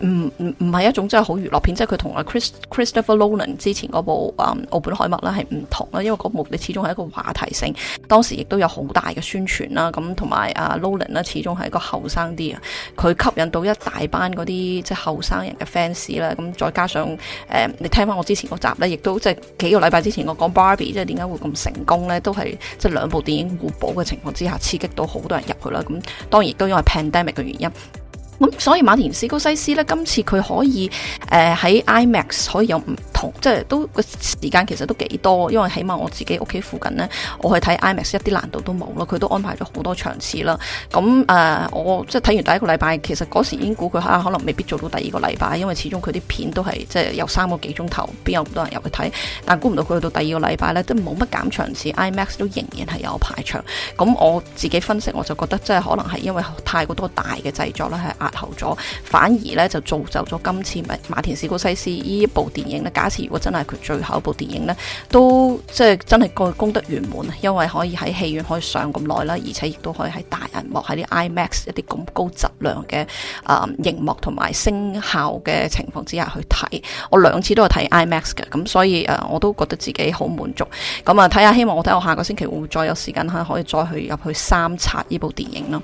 唔唔唔係一種真係好娛樂片，即係佢同阿 Christopher Nolan 之前嗰部《啊奧本海默》啦係唔同啦，因為嗰部你始終係一個話題性，當時亦都有好大嘅宣傳啦，咁同埋阿 Nolan 呢始終係一個後生啲啊，佢吸引到一大班嗰啲即係後生人嘅 fans 啦，咁再加上誒、呃，你聽翻我之前嗰集呢，亦都即係幾個禮拜之前我講 Barbie，即係點解會咁成功呢？都係即係兩部電影互補嘅情況之下，刺激到好多人入去啦，咁當然都因為 pandemic 嘅原因。噉、所以馬田斯高西斯咧，今次佢可以、呃、喺 IMAX 可以有唔～即係都個時間其實都幾多，因為起碼我自己屋企附近呢，我去睇 IMAX 一啲難度都冇咯，佢都安排咗好多場次啦。咁誒、呃，我即係睇完第一個禮拜，其實嗰時已經估佢可能未必做到第二個禮拜，因為始終佢啲片都係即係有三個幾鐘頭，邊有咁多人入去睇？但估唔到佢去到第二個禮拜呢，都冇乜減場次，IMAX 都仍然係有排場。咁我自己分析，我就覺得即係可能係因為太過多大嘅製作咧，係壓後咗，反而呢就造就咗今次咪馬田史高西斯呢部電影呢如果真係佢最後一部電影呢，都即係真係個功德圓滿，因為可以喺戲院可以上咁耐啦，而且亦都可以喺大銀幕喺啲 IMAX 一啲咁高質量嘅啊熒幕同埋聲效嘅情況之下去睇。我兩次都有睇 IMAX 嘅，咁所以誒我都覺得自己好滿足。咁啊，睇下希望我睇我下個星期會唔會再有時間可可以再去入去三刷呢部電影咯。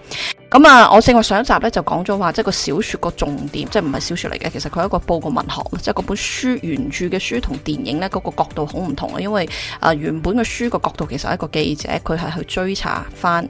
咁啊，我正話上一集咧，就講咗話，即係個小說個重點，即係唔係小說嚟嘅，其實佢係一個報告文學，即係嗰本書原著嘅書同電影咧，個角度好唔同啊。因為啊，原本嘅書個角度其實係一個記者，佢係去追查翻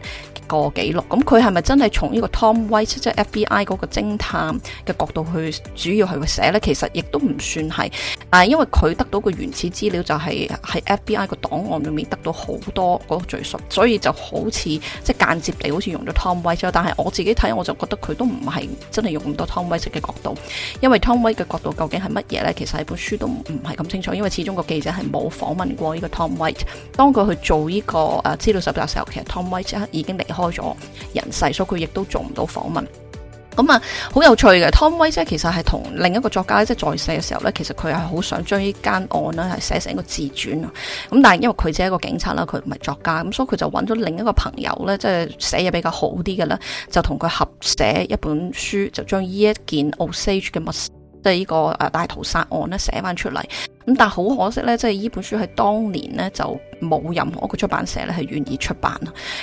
個記錄。咁佢係咪真係從呢個 Tom White，即係 FBI 嗰個偵探嘅角度去主要係寫咧？其實亦都唔算係，啊，因為佢得到個原始資料就係喺 FBI 個檔案裏面得到好多嗰個敘述，所以就好似即係間接地好似用咗 Tom White，即係但。係我自己睇，我就覺得佢都唔係真係用咁多 Tom White 嘅角度，因為 Tom White 嘅角度究竟係乜嘢呢？其實喺本書都唔係咁清楚，因為始終個記者係冇訪問過呢個 Tom White。當佢去做呢個誒資料搜集時候，其實 Tom White 即刻已經離開咗人世，所以佢亦都做唔到訪問。咁啊，好有趣嘅。Tom White 即係其實係同另一個作家咧，即係在世嘅時候咧，其實佢係好想將呢間案咧係寫成一個自傳啊。咁但係因為佢只係一個警察啦，佢唔係作家，咁所以佢就揾咗另一個朋友咧，即係寫嘢比較好啲嘅啦，就同佢合寫一本書，就將呢一件 Osage 嘅密即係呢個大屠殺案咧，寫翻出嚟。咁但係好可惜呢，即係呢本書喺當年呢，就冇任何一個出版社呢係願意出版。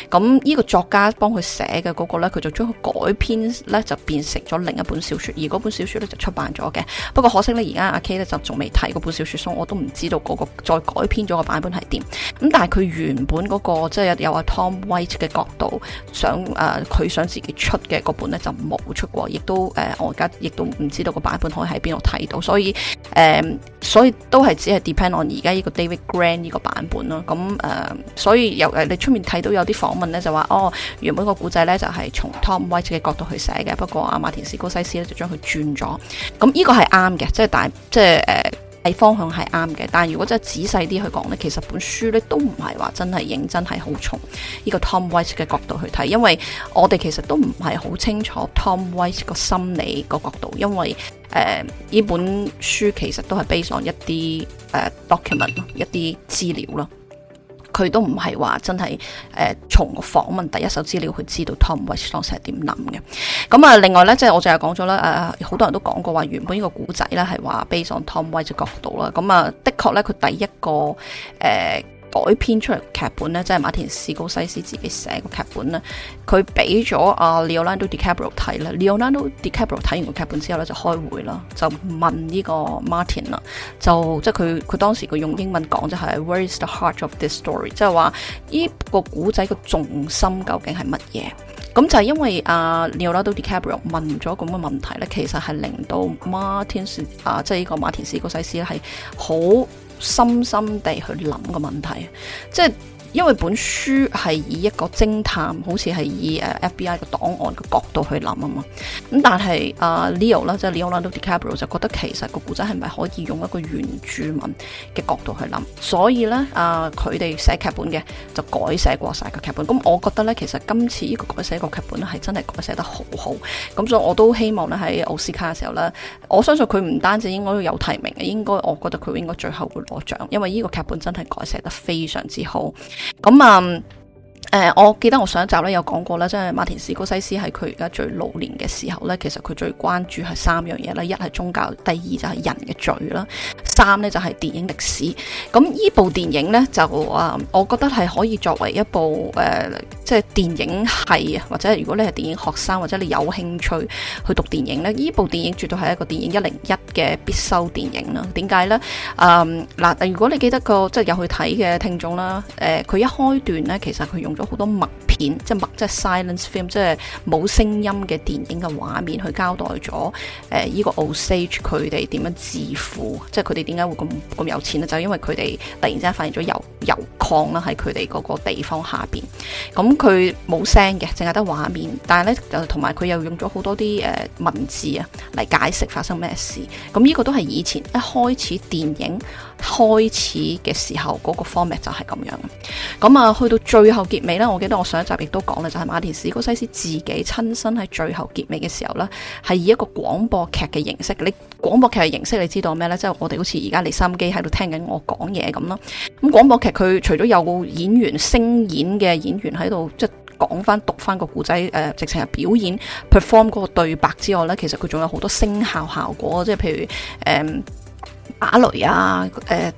咁呢個作家幫佢寫嘅嗰個呢，佢就將佢改編呢，就變成咗另一本小說，而嗰本小說呢，就出版咗嘅。不過可惜呢，而家阿 K 呢，就仲未睇嗰本小說，所以我都唔知道嗰個再改編咗個版本係點。咁但係佢原本嗰、那個即係、就是、有阿 Tom White 嘅角度，想誒佢、呃、想自己出嘅嗰本呢，就冇出過，亦都誒、呃、我而家亦都唔知道個版本可以喺邊度睇到。所以誒、呃、所以。都係只係 depend on 而家呢個 David Grann 呢個版本咯，咁誒、呃，所以由誒你出面睇到有啲訪問咧就話，哦，原本個古仔咧就係、是、從 Tom White 嘅角度去寫嘅，不過阿馬田史高西斯咧就將佢轉咗，咁呢個係啱嘅，即係但即係誒。呃係方向係啱嘅，但係如果真係仔細啲去講呢，其實本書呢都唔係話真係認真係好從呢個 Tom White 嘅角度去睇，因為我哋其實都唔係好清楚 Tom White 個心理個角度，因為誒呢、呃、本書其實都係 based on 一啲誒、呃、document 一啲資料咯。佢都唔係話真係誒、呃，從訪問第一手資料去知道 Tom White 當時係點諗嘅。咁啊，另外咧，即、就、係、是、我淨係講咗啦，誒、呃，好多人都講過話，原本這個呢個古仔咧係話 based on Tom White 嘅角度啦。咁啊、呃，的確咧，佢第一個誒。呃改編出嚟嘅劇本呢，即係馬田史高西斯自己寫個劇本。佢畀咗阿 Leonardo DiCaprio 睇喇。Leonardo DiCaprio 睇完個劇本之後呢，就開會喇，就問呢個 Martin 喇。就即係佢佢當時佢用英文講就係 Where is the heart of this story？即係話呢個古仔個重心究竟係乜嘢？噉就係因為阿、uh, Leonardo DiCaprio 問咗咁嘅問題，呢其實係令到 Martin,、uh, 即係呢個馬田史高西斯係好，深深地去諗個問題，即係。因為本書係以一個偵探，好似係以 FBI 個檔案嘅角度去諗啊嘛，咁但係啊 Leo 啦，即 Leonardo DiCaprio 就覺得其實個古仔係咪可以用一個原住民嘅角度去諗？所以咧啊，佢哋寫劇本嘅就改寫過晒個劇本。咁我覺得咧，其實今次依個改寫個劇本係真係改寫得好好。咁所以我都希望咧喺奧斯卡嘅時候咧，我相信佢唔單止應該有提名嘅，應該我覺得佢應該最後會攞獎，因為呢個劇本真係改寫得非常之好。咁啊！誒、呃，我記得我上一集咧有講過啦，即係馬田史高西斯喺佢而家最老年嘅時候咧，其實佢最關注係三樣嘢啦，一係宗教，第二就係人嘅罪啦，三咧就係電影歷史。咁呢部電影咧就啊，我覺得係可以作為一部誒、呃，即係電影係啊，或者如果你係電影學生或者你有興趣去讀電影咧，呢部電影絕對係一個電影一零一嘅必修電影啦。點解咧？嗯，嗱，如果你記得個即係有去睇嘅聽眾啦，誒、呃，佢一開段咧，其實佢用。用咗好多默片，即係默，即係 silence film，即係冇聲音嘅電影嘅畫面去交代咗，誒、呃、依、這個 Osage 佢哋點樣致富，即係佢哋點解會咁咁有錢咧？就是、因為佢哋突然之間發現咗油油礦啦，喺佢哋嗰個地方下邊。咁佢冇聲嘅，淨係得畫面，但係呢，就同埋佢又用咗好多啲誒、呃、文字啊嚟解釋發生咩事。咁、嗯、呢、這個都係以前一開始電影。開始嘅時候嗰個 format 就係咁樣嘅，咁啊去到最後結尾咧，我記得我上一集亦都講咧，就係、是、馬田史高西斯自己親身喺最後結尾嘅時候咧，係以一個廣播劇嘅形式。你廣播劇嘅形式，你知道咩呢？即、就、係、是、我哋好似而家你心機喺度聽緊我講嘢咁啦。咁廣播劇佢除咗有個演員聲演嘅演員喺度，即、就、係、是、講翻讀翻個故仔，誒、呃、直情係表演 perform 嗰個對白之外呢，其實佢仲有好多聲效效果，即係譬如誒，嗯打雷啊、呃，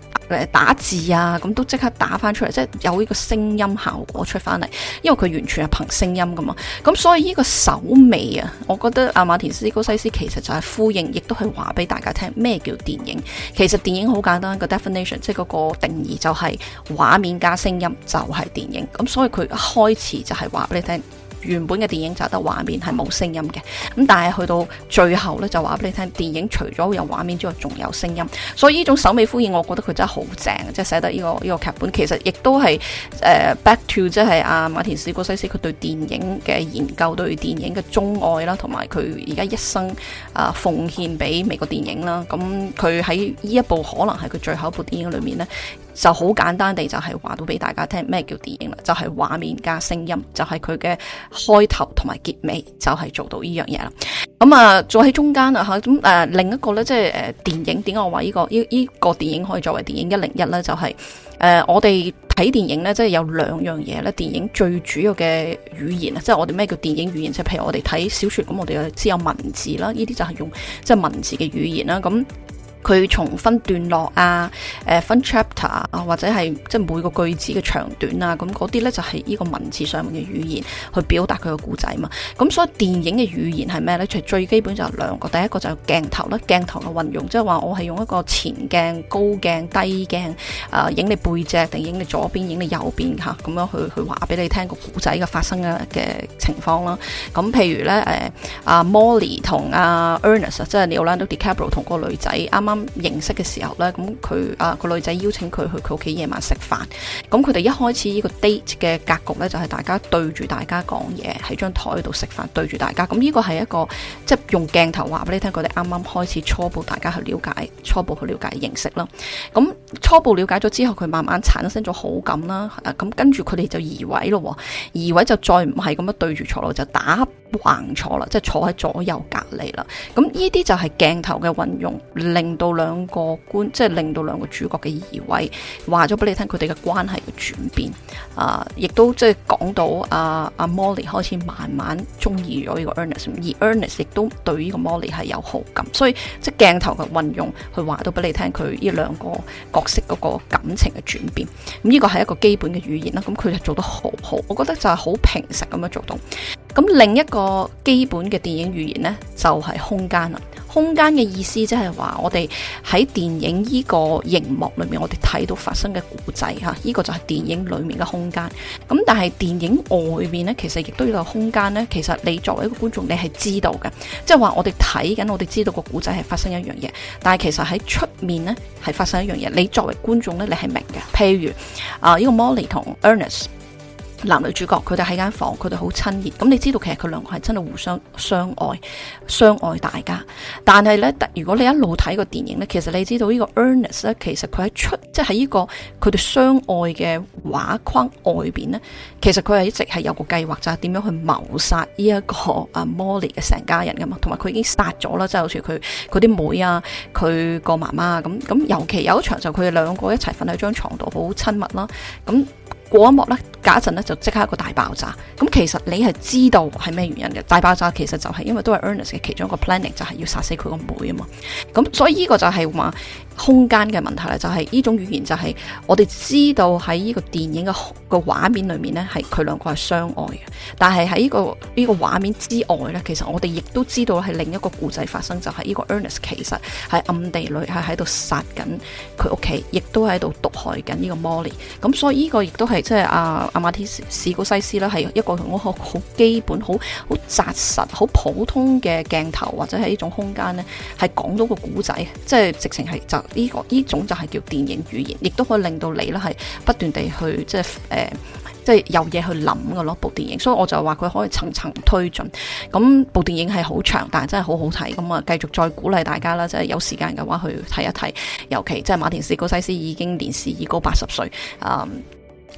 打字啊，咁都即刻打翻出嚟，即係有呢個聲音效果出翻嚟，因為佢完全係憑聲音㗎嘛，咁所以呢個首尾啊，我覺得阿馬田史高西斯其實就係呼應，亦都係話俾大家聽咩叫電影。其實電影好簡單，個 definition，即係嗰個定義就係、是、畫面加聲音就係電影。咁所以佢一開始就係話俾你聽。原本嘅電影就得畫面，係冇聲音嘅，咁但係去到最後呢，就話俾你聽，電影除咗有畫面之外，仲有聲音。所以呢種首尾呼應，我覺得佢真係好正，即係寫得呢、這個呢、這個劇本，其實亦都係誒 back to 即係阿馬田史高西斯佢對電影嘅研究，對電影嘅鍾愛啦，同埋佢而家一生啊、呃、奉獻俾美國電影啦。咁佢喺呢一部可能係佢最後一部電影裏面呢。就好簡單地就係話到俾大家聽咩叫電影啦，就係畫面加聲音，就係佢嘅開頭同埋結尾，就係做到呢樣嘢啦。咁啊，再喺中間啊嚇，咁呃另一個呢，即係誒電影點解我話呢個呢呢個電影可以作為電影一零一呢，就係呃我哋睇電影呢，即係有兩樣嘢咧。電影最主要嘅語言啊，即係我哋咩叫電影語言？即係譬如我哋睇小説咁，我哋有只有文字啦，呢啲就係用即係文字嘅語言啦，咁。佢從分段落啊、呃，分 chapter 啊，或者係即係每個句子嘅長短啊，咁嗰啲咧就係、是、呢個文字上面嘅語言去表達佢個故仔嘛。咁所以電影嘅語言係咩咧？最基本就兩個，第一個就係鏡頭啦，鏡頭嘅運用，即係話我係用一個前鏡高鏡低鏡啊，影、呃、你背脊定影你左邊影你右邊吓咁樣去去話俾你聽個故仔嘅發生嘅嘅情況啦。咁譬如咧誒阿 Molly 同阿、啊、Ernest，即係尼 d e cable 同個女仔啱啱。認識嘅時候呢，咁佢啊個女仔邀請佢去佢屋企夜晚食飯，咁佢哋一開始呢個 date 嘅格局呢，就係大家對住大家講嘢喺張台度食飯，對住大家，咁呢個係一個即係用鏡頭話俾你聽，佢哋啱啱開始初步大家去了解，初步去了解認識啦。咁初步了解咗之後，佢慢慢產生咗好感啦。咁跟住佢哋就移位咯，移位就再唔係咁樣對住坐落，就打橫坐啦，即係坐喺左右隔離啦。咁呢啲就係鏡頭嘅運用，令到到兩個官，即係令到兩個主角嘅儀位話咗俾你聽，佢哋嘅關係嘅轉變啊，亦都即係講到阿阿 Molly 開始慢慢中意咗呢個 Ernest 而 Ernest 亦都對呢個 Molly 係有好感，所以即係鏡頭嘅運用去話到俾你聽，佢呢兩個角色嗰個感情嘅轉變，咁呢個係一個基本嘅語言啦，咁、嗯、佢就做得好好，我覺得就係好平實咁樣做到。咁另一個基本嘅電影語言呢，就係空間啦。空間嘅意思即係話，我哋喺電影依個熒幕裏面，我哋睇到發生嘅故仔吓，依個就係電影裏面嘅空間。咁但係電影外面呢，其實亦都有空間呢。其實你作為一個觀眾，你係知道嘅，即係話我哋睇緊，我哋知道個故仔係發生一樣嘢，但係其實喺出面呢，係發生一樣嘢。你作為觀眾呢，你係明嘅。譬如啊，依個 Molly 同 Ernest 男女主角佢哋喺間房間，佢哋好親熱。咁你知道其實佢兩個係真係互相相愛、相愛大家。但係呢，如果你一路睇個電影呢，其實你知道呢個 Ernest 咧，其實佢喺出即係喺呢個佢哋相愛嘅畫框外面呢，其實佢係一直係有個計劃，就係點樣去謀殺呢一個啊 Molly 嘅成家人噶嘛。同埋佢已經殺咗啦，即係好似佢佢啲妹啊，佢個媽媽咁咁。尤其有一場就佢哋兩個一齊瞓喺張床度，好親密啦。咁過一幕呢。假一陣呢就即刻一個大爆炸，咁其實你係知道係咩原因嘅？大爆炸其實就係因為都係 Ernest 嘅其中一個 planning 就係要殺死佢個妹啊嘛，咁所以呢個就係話。空間嘅問題咧、就是，就係呢種語言就係、是、我哋知道喺呢個電影嘅個畫面裏面呢，係佢兩個係相愛嘅。但係喺、這個呢、這個畫面之外呢，其實我哋亦都知道係另一個故仔發生，就係、是、呢個 Ernest 其實喺暗地裏係喺度殺緊佢屋企，亦都喺度毒害緊呢個 Molly。咁所以呢個亦都係即係阿阿馬蒂斯史古西斯啦，係一個我好基本、好好紮實、好普通嘅鏡頭或者係呢種空間呢，係講到個故仔，即係直情係就。呢、這個呢種就係叫電影語言，亦都可以令到你咧係不斷地去即係誒，即係、呃、有嘢去諗嘅咯。部電影，所以我就話佢可以層層推進。咁部電影係好長，但係真係好好睇。咁啊，繼續再鼓勵大家啦，即係有時間嘅話去睇一睇。尤其即係馬田史高西斯已經年事已高，八十歲啊。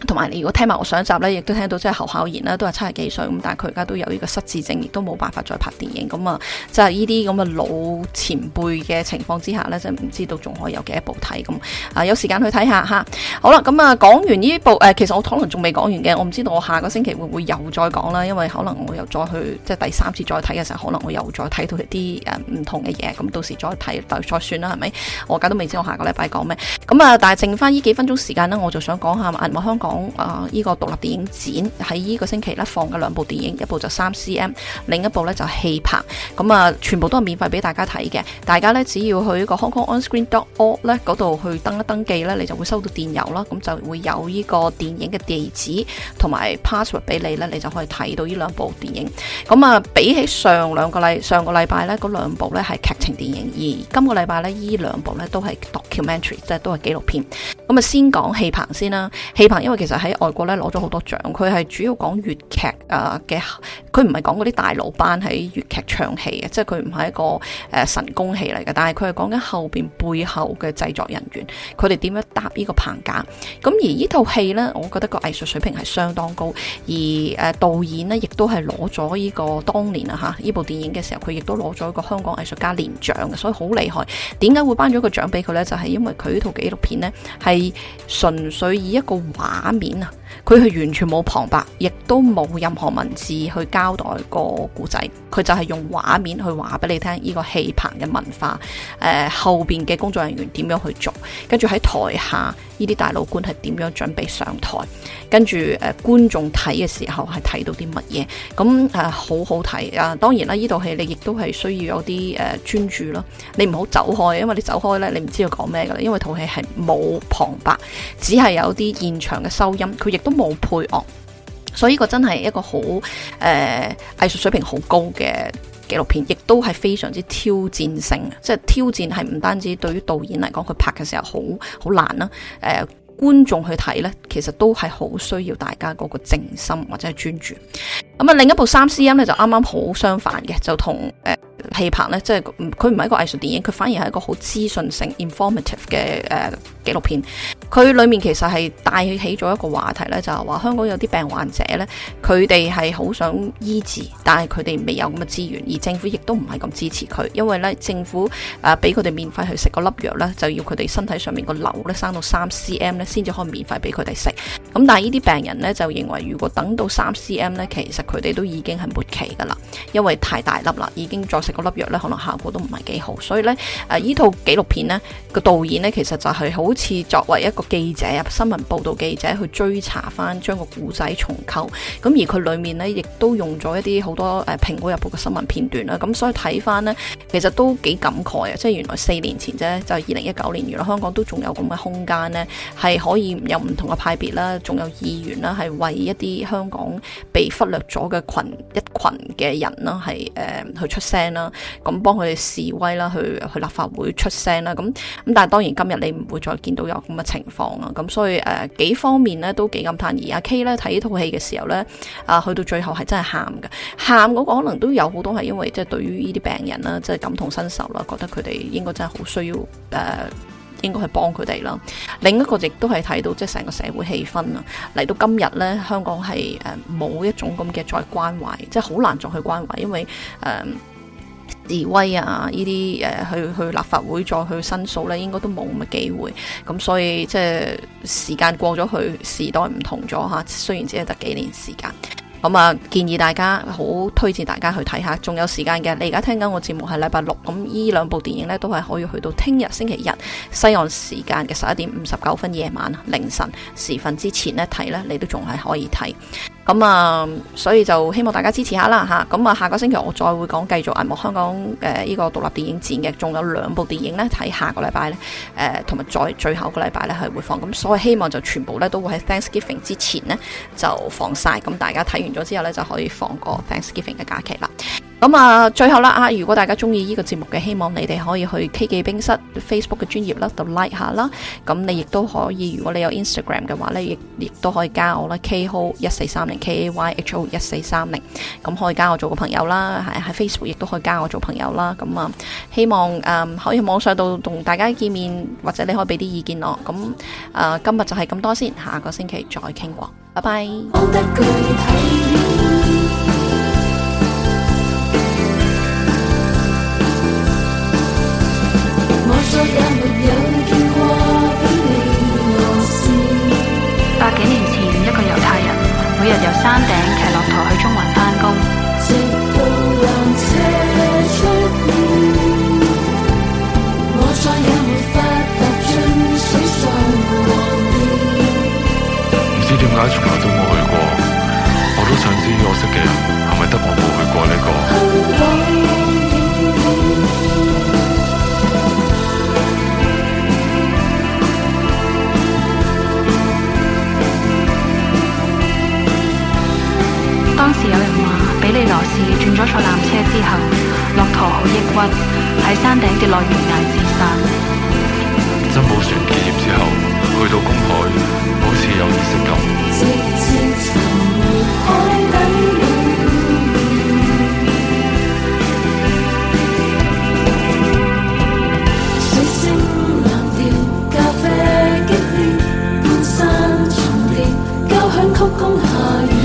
同埋你如果聽埋我上一集咧，亦都聽到即係侯孝賢啦，都係七十幾歲咁，但係佢而家都有呢個失智症，亦都冇辦法再拍電影咁啊！即係呢啲咁嘅老前輩嘅情況之下呢，真係唔知道仲可以有幾多部睇咁啊！有時間去睇下吓。好啦，咁啊講完呢部、啊、其實我可能仲未講完嘅，我唔知道我下個星期會唔會又再講啦，因為可能我又再去即係第三次再睇嘅時候，可能我又再睇到一啲啊、唔同嘅嘢，咁到時再睇再算啦，係咪？我而家都未知我下個禮拜講咩，咁啊，但係剩翻呢幾分鐘時間呢，我就想講下香港。講啊，呢個獨立電影展喺呢個星期咧放嘅兩部電影，一部就 3cm，另一部咧就戲棚，咁啊，全部都係免費俾大家睇嘅。大家咧只要去呢個 Hong Kong On Screen dot Org 咧嗰度去登一登記咧，你就會收到電郵啦，咁就會有呢個電影嘅地址同埋 password 俾你咧，你就可以睇到呢兩部電影。咁啊，比起上兩個禮上個禮拜咧嗰兩部咧係劇情電影，而今個禮拜咧呢兩部咧都係 documentary，即係都係紀錄片。咁啊，先講戲棚先啦，戲棚因為。其實喺外國咧攞咗好多獎，佢係主要講粵劇啊嘅，佢唔係講嗰啲大佬班喺粵劇唱戲嘅，即係佢唔係一個誒、呃、神功戲嚟嘅，但係佢係講緊後邊背後嘅製作人員，佢哋點樣搭呢個棚架。咁而呢套戲呢，我覺得個藝術水平係相當高，而誒、呃、導演呢，亦都係攞咗呢個當年啊吓呢部電影嘅時候，佢亦都攞咗一個香港藝術家連獎嘅，所以好厲害。點解會頒咗個獎俾佢呢？就係、是、因為佢呢套紀錄片呢，係純粹以一個畫。畫面啊，佢係完全冇旁白，亦都冇任何文字去交代個故仔，佢就係用畫面去話俾你聽，呢個戲棚嘅文化，誒、呃、後邊嘅工作人員點樣去做，跟住喺台下。呢啲大老倌係點樣準備上台？跟住誒觀眾睇嘅時候係睇到啲乜嘢？咁誒、呃、好好睇啊！當然啦，呢套戲你亦都係需要有啲誒、呃、專注咯。你唔好走開，因為你走開呢，你唔知道講咩㗎啦。因為套戲係冇旁白，只係有啲現場嘅收音，佢亦都冇配樂，所以呢個真係一個好誒、呃、藝術水平好高嘅。紀錄片亦都係非常之挑戰性，即係挑戰係唔單止對於導演嚟講，佢拍嘅時候好好難啦。誒、呃，觀眾去睇呢，其實都係好需要大家嗰個靜心或者專注。咁、嗯、啊，另一部 3CM 咧就啱啱好相反嘅，就同誒、呃、戲棚呢，即係佢唔係一個藝術電影，佢反而係一個好資訊性 informative 嘅誒。呃紀錄片佢裏面其實係帶起咗一個話題呢，就係話香港有啲病患者呢，佢哋係好想醫治，但係佢哋未有咁嘅資源，而政府亦都唔係咁支持佢，因為呢，政府啊俾佢哋免費去食嗰粒藥呢就要佢哋身體上面個瘤呢生到三 cm 呢先至可以免費俾佢哋食。咁但係呢啲病人呢，就認為，如果等到三 cm 呢其實佢哋都已經係末期㗎啦，因為太大粒啦，已經再食嗰粒藥呢可能效果都唔係幾好。所以呢，誒呢套紀錄片呢，個導演呢，其實就係好似作為一個記者啊，新聞報道記者去追查翻，將個故仔重構。咁而佢裏面呢，亦都用咗一啲好多誒，蘋果日報嘅新聞片段啦。咁所以睇翻呢，其實都幾感慨啊！即係原來四年前啫，就二零一九年，原來香港都仲有咁嘅空間呢，係可以有唔同嘅派別啦，仲有議員啦，係為一啲香港被忽略咗嘅群一群嘅人啦，係誒、呃、去出聲啦，咁幫佢哋示威啦，去去立法會出聲啦。咁咁但係當然今日你唔會再。見到有咁嘅情況啊，咁所以誒、呃、幾方面咧都幾感嘆。而阿 K 咧睇呢套戲嘅時候咧，啊、呃、去到最後係真係喊嘅，喊嗰個可能都有好多係因為即係、就是、對於呢啲病人啦，即、就、係、是、感同身受啦，覺得佢哋應該真係好需要誒、呃，應該去幫佢哋啦。另一個亦都係睇到即係成個社會氣氛啊，嚟到今日咧，香港係誒冇一種咁嘅再關懷，即係好難再去關懷，因為誒。呃示威啊！呢啲、呃、去去立法會再去申訴咧，應該都冇咁嘅機會。咁所以即係時間過咗去，時代唔同咗嚇。雖然只係得幾年時間。咁啊，建議大家好，好推薦大家去睇下，仲有時間嘅。你而家聽緊我節目係禮拜六，咁依兩部電影咧都係可以去到聽日星期日西岸時間嘅十一點五十九分夜晚凌晨時分之前咧睇咧，你都仲係可以睇。咁啊，所以就希望大家支持下啦吓。咁啊，下個星期我再會講，繼續銀幕香港誒呢個獨立電影展嘅，仲有兩部電影咧睇下個禮拜咧誒，同埋再最後個禮拜咧係會放。咁所以希望就全部咧都會喺 Thanksgiving 之前咧就放晒，咁大家睇完。咗之後咧，就可以放個 Thanksgiving 嘅假期啦。咁啊，最後啦啊，如果大家中意呢個節目嘅，希望你哋可以去 K 記冰室 Facebook 嘅專頁啦，就 like 下啦。咁你亦都可以，如果你有 Instagram 嘅話咧，亦亦都可以加我啦。K o 一四三零 KAYHO 一四三零，咁可以加我做個朋友啦。喺 Facebook 亦都可以加我做朋友啦。咁啊，希望誒、嗯、可以網上度同大家見面，或者你可以俾啲意見我。咁誒、啊，今日就係咁多先，下個星期再傾過。拜。百。百幾年前，一個猶太人，每日由山頂騎駱駝去中。你點解從來都冇去過？我都想知道我識嘅人係咪得我冇去過呢個？當時有人話，比利羅士轉咗坐纜車之後，駱駝好抑鬱，喺山頂嘅內懸崖自殺。真補船結業之後。去到公海，好似有儀式感。直至沉沒海底。水星藍調，咖啡經典，半山重疊，交響曲公海